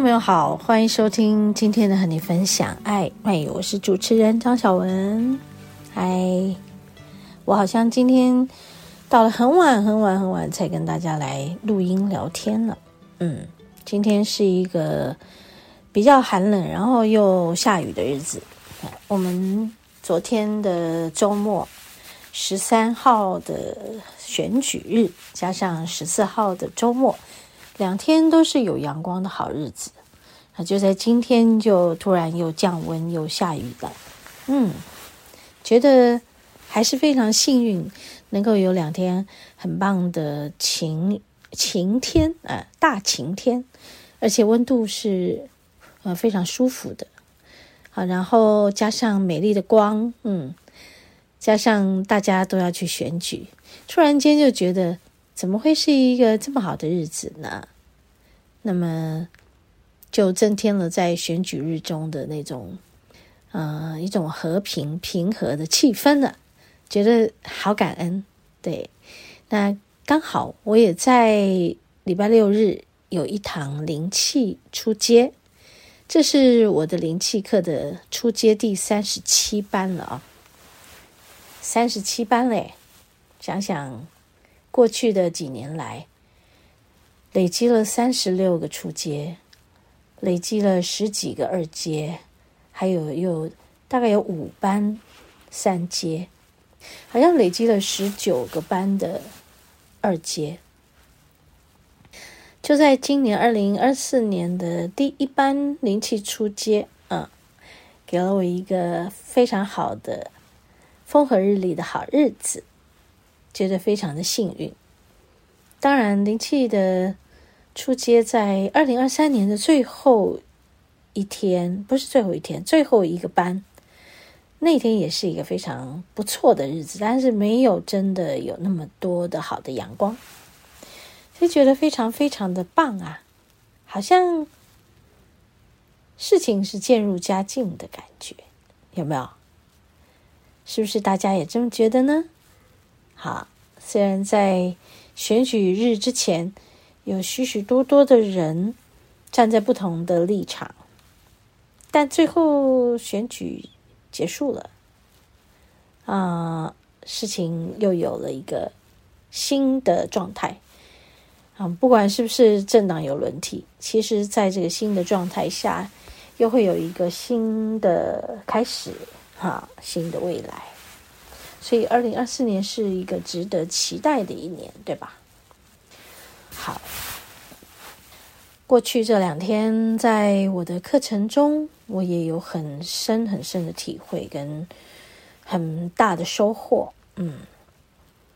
朋友好，歡迎收聽今天的和你分享，愛、哎哎，我是主持人張小文，嗨，我好像今天到了很晚、很晚、很晚才跟大家來錄音聊天了。嗯，今天是一個比較寒冷，然後又下雨的日子。我們昨天的周末，十三號的選舉日，加上十四號的周末，兩天都是有陽光的好日子。啊，就在今天，就突然又降溫又下雨了。嗯，覺得還是非常幸運，能夠有兩天很棒的晴晴天啊，呃，大晴天，而且溫度是呃非常舒服的。好，然後加上美麗的光，嗯，加上大家都要去選舉，突然間就覺得怎麼會是一個這麼好的日子呢？那麼。就增添了在選舉日中的那種，呃，一種和平、平和的氣氛了，啊。覺得好感恩，對。那剛好我也在禮拜六日有一堂靈氣初階，這是我的靈氣課的初階第三十七班了啊、哦，三十七班嘞。想想過去的幾年來，累積了三十六個初階。累積了十幾個二階，還有有，大概有五班三階，好像累積了十九個班的二階。就在今年二零二四年的第一班靈氣初階，啊、嗯，給了我一個非常好的風和日麗的好日子，覺得非常的幸運。當然，靈氣的。出街在二零二三年的最後一天，不是最後一天，最後一個班，那天也是一個非常不錯的日子，但是沒有真的有那麼多的好的陽光，就覺得非常非常的棒啊，好像事情是漸入佳境的感覺，有沒有？是不是大家也這麼覺得呢？好，雖然在選舉日之前，有許許多多的人站在不同的立場，但最後選舉結束了，啊、嗯，事情又有了一個新的狀態。啊、嗯，不管是不是政黨有輪替，其實在這個新的狀態下，又會有一個新的開始，哈、啊，新的未來。所以，二零二四年是一個值得期待的一年，對吧？好，過去這兩天，在我的課程中，我也有很深很深的體會，跟很大的收穫。嗯，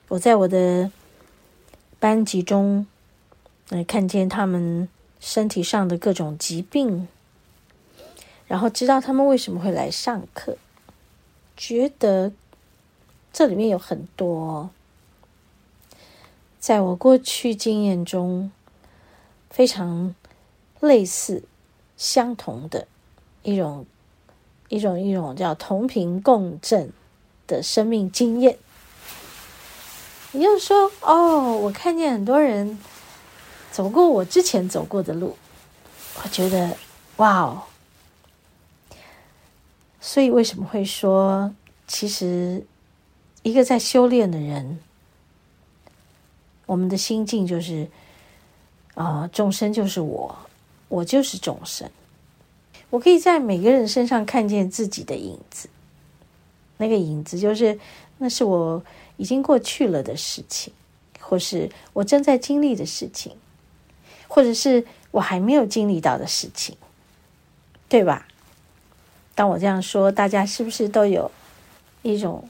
我在我的班級中，能、呃、看見他們身體上的各種疾病，然後知道他們為什麼會來上課，覺得這裡面有很多。在我過去經驗中，非常類似、相同的一種一種一種叫同頻共振的生命經驗。你又說，哦，我看見很多人走過我之前走過的路，我覺得哇哦！所以為什麼會說，其實一個在修煉的人，我們的心境就是，啊、呃，眾生就是我，我就是眾生。我可以在每個人身上看見自己的影子，那個影子就是，那是我已經過去了的事情，或是我正在經歷的事情，或者是我還沒有經歷到的事情，對吧？當我這樣說，大家是不是都有一種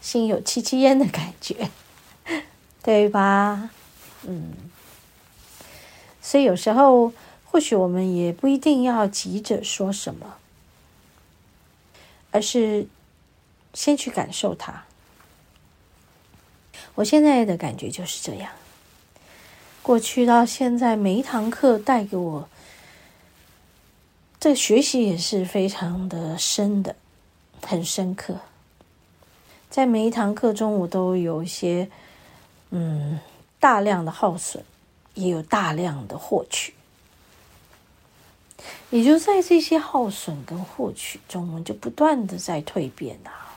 心有戚戚焉的感覺？對吧？嗯，所以有時候或許我們也不一定要急着說什麼，而是先去感受它。我現在的感覺就是這樣。過去到現在，每一堂課帶給我，這個學習也是非常的深的，很深刻。在每一堂課中，我都有一些。嗯，大量的耗損，也有大量的獲取，也就在這些耗損跟獲取中，我們就不斷的在蛻變啊。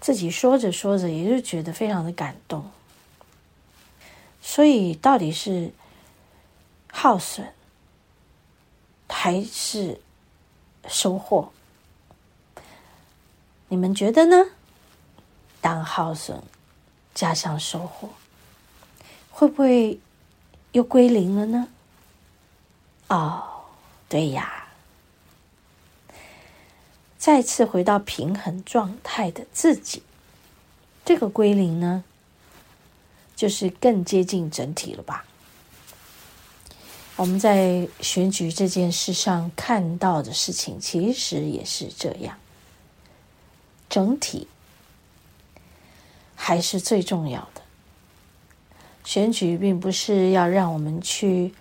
自己說着說着，也就覺得非常的感動。所以到底是耗損還是收穫？你們覺得呢？當耗損。加上收穫，會不會又歸零了呢？哦，對呀，再次回到平衡狀態的自己，這個歸零呢，就是更接近整體了吧？我們在選舉這件事上看到的事情，其實也是這樣，整體。還是最重要的。選舉並不是要讓我們去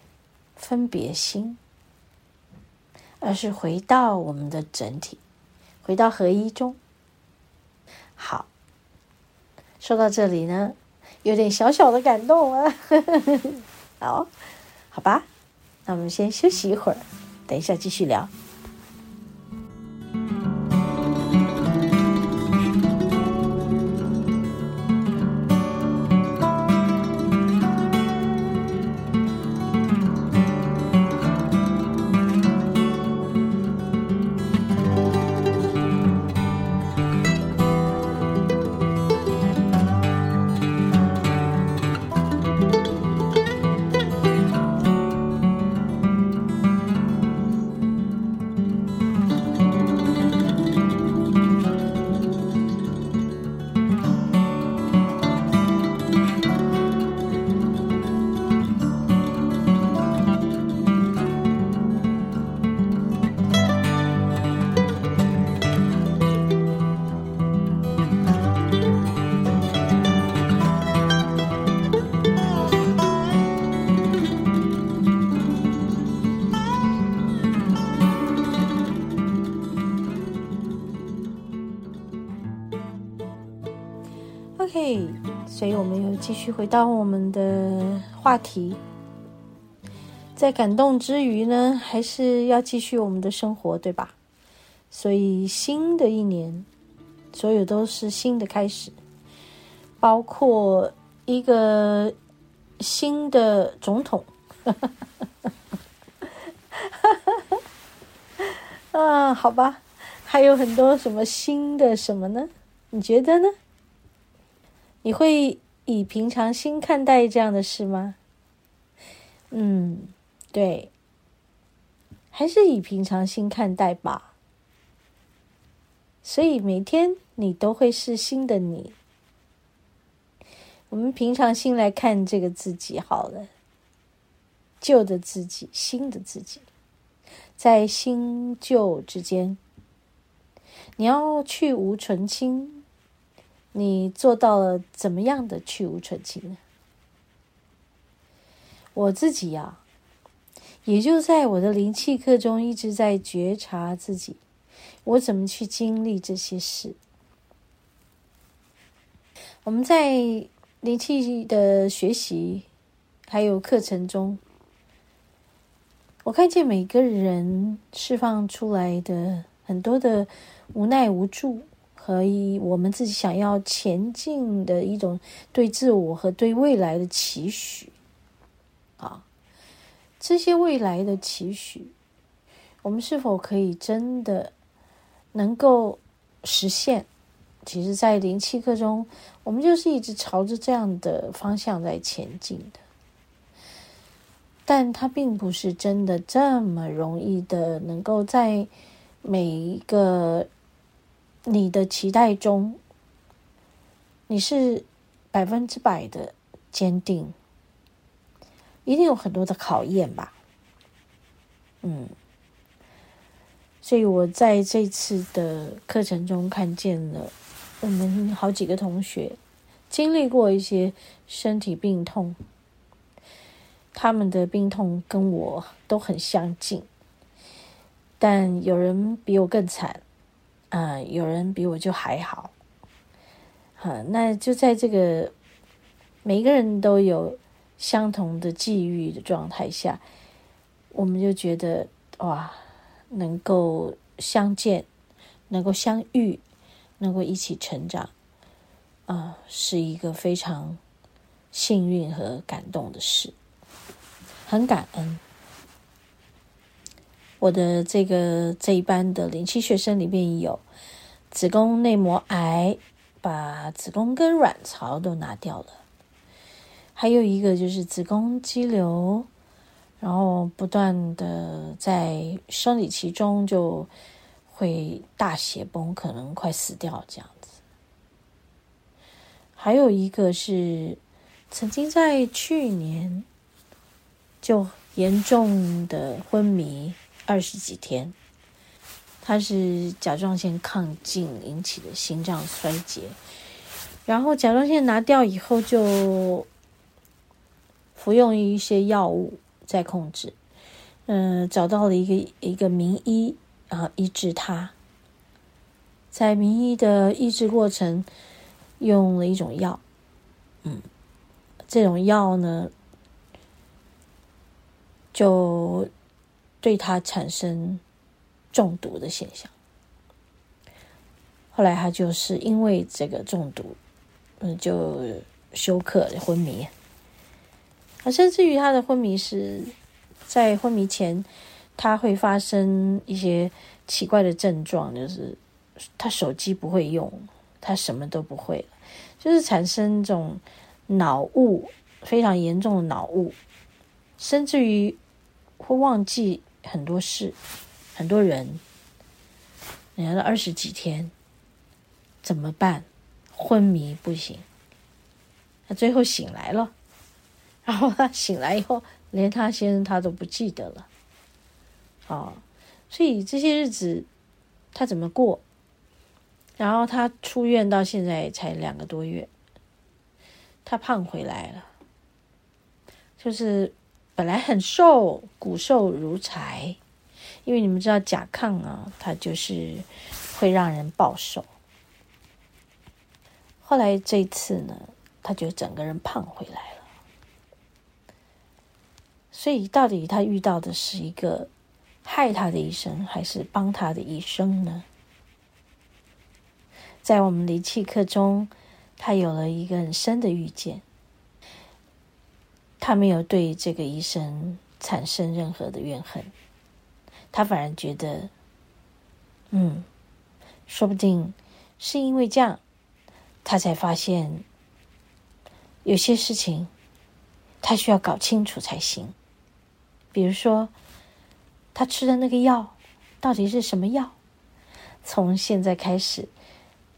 分別心，而是回到我們的整體，回到合一中。好，說到這裡呢，有點小小的感動啊。 好，好吧，那我們先休息一會兒，等一下繼續聊。繼續回到我們的話題，在感動之餘呢，還是要繼續我們的生活，對吧？所以新的一年，所有都是新的開始，包括一個新的總統。 啊，好吧，還有很多什麼新的什麼呢？你覺得呢？你會？以平常心看待這樣的事嗎？嗯，對，還是以平常心看待吧。所以每天你都會是新的你。我們平常心來看這個自己，好了，舊的自己，新的自己，在新舊之間，你要去蕪存菁。你做到了怎麼樣的去蕪存菁呢？我自己呀、啊，也就在我的靈氣課中一直在覺察自己，我怎麼去經歷這些事？我們在靈氣的學習還有課程中，我看見每個人釋放出來的很多的無奈無助。和一我們自己想要前進的一種對自我和對未來的期許，啊，這些未來的期許，我們是否可以真的能夠實現？其實，在零七課中，我們就是一直朝着這樣的方向在前進的，但它並不是真的這麼容易的，能夠在每一個。你的期待中，你是百分之百的堅定，一定有很多的考驗吧？嗯，所以我在這次的課程中，看見了我們好幾個同學經歷過一些身體病痛，他們的病痛跟我都很相近，但有人比我更慘。啊、嗯，有人比我就還好，哈、嗯，那就在這個每個人都有相同的際遇的狀態下，我們就覺得哇，能夠相見，能夠相遇，能夠一起成長，啊、嗯，是一個非常幸運和感動的事，很感恩。我的這個這一班的靈氣學生裡面有子宮內膜癌，把子宮跟卵巢都拿掉了；還有一個就是子宮肌瘤，然後不斷地在生理期中就會大血崩，可能快死掉這樣子。還有一個是曾經在去年就嚴重的昏迷。二十幾天，他是甲狀腺亢進引起的心臟衰竭，然後甲狀腺拿掉以後就服用一些藥物在控制，嗯、呃，找到了一個一個名醫啊，然後醫治他，在名醫的醫治過程用了一種藥，嗯，這種藥呢就。對他產生中毒的現象，後來他就是因為這個中毒，嗯，就休克昏迷。而甚至於他的昏迷是在昏迷前，他會發生一些奇怪的症狀，就是他手機不會用，他什麼都不會，就是產生這種腦霧，非常嚴重的腦霧，甚至於會忘記。很多事，很多人，連了二十幾天，怎麼辦？昏迷不醒，他最後醒來了，然後他醒來以後，連他先生他都不記得了，哦，所以這些日子他怎麼過？然後他出院到現在才兩個多月，他胖回來了，就是。本來很瘦，骨瘦如柴，因為你們知道甲亢啊，它就是會讓人暴瘦。後來這一次呢，他就整個人胖回來了。所以到底他遇到的是一個害他的醫生，還是幫他的醫生呢？在我們靈氣課中，他有了一個很深的遇見。他沒有對這個醫生產生任何的怨恨，他反而覺得，嗯，說不定是因為這樣，他才發現有些事情他需要搞清楚才行。比如說，他吃的那個藥到底是什麼藥？從現在開始，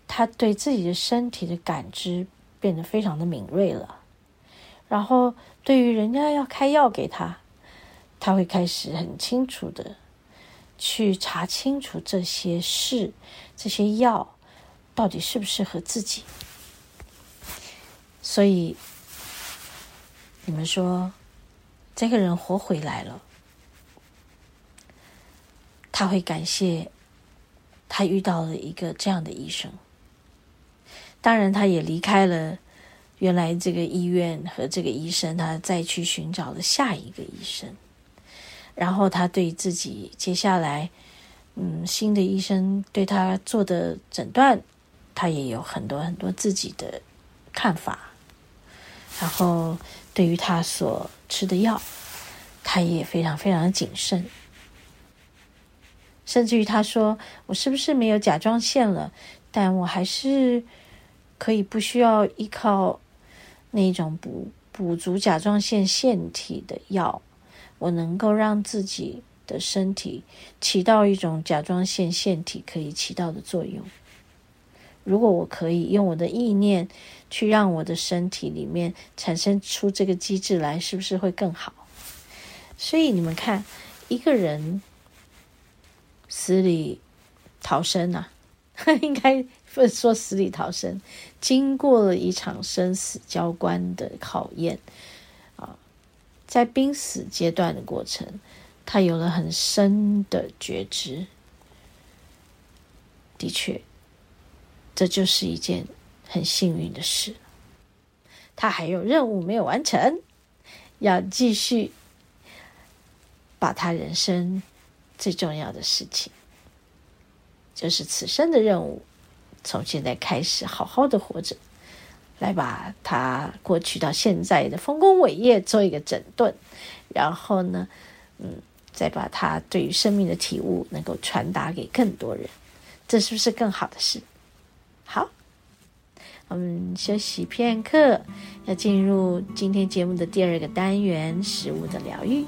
他對自己的身體的感知變得非常的敏銳了，然後。對於人家要開藥給他，他會開始很清楚的去查清楚這些事，這些藥到底適不適合自己。所以，你們說，這個人活回來了，他會感謝他遇到了一個這樣的醫生。當然，他也離開了。原來這個醫院和這個醫生，他再去尋找了下一個醫生，然後他對自己接下來，嗯，新的醫生對他做的診斷，他也有很多很多自己的看法，然後對於他所吃的藥，他也非常非常的謹慎，甚至於他說：“我是不是沒有甲狀腺了？但我還是可以不需要依靠。”那一種補補足甲狀腺腺體的藥，我能夠讓自己的身體起到一種甲狀腺腺體可以起到的作用。如果我可以用我的意念去讓我的身體裡面產生出這個機制來，是不是會更好？所以你們看，一個人死里逃生啊，應該。說死裡逃生，經過了一場生死交關的考驗，啊，在瀕死階段的過程，他有了很深的覺知。的確，這就是一件很幸運的事。他還有任務沒有完成，要繼續把他人生最重要的事情，就是此生的任務。從現在開始，好好的活着，來把他過去到現在的豐功偉業做一個整頓，然後呢，嗯，再把他對於生命的體悟能夠傳達給更多人，這是不是更好的事？好，我們休息片刻，要進入今天節目的第二個單元——食物的療癒。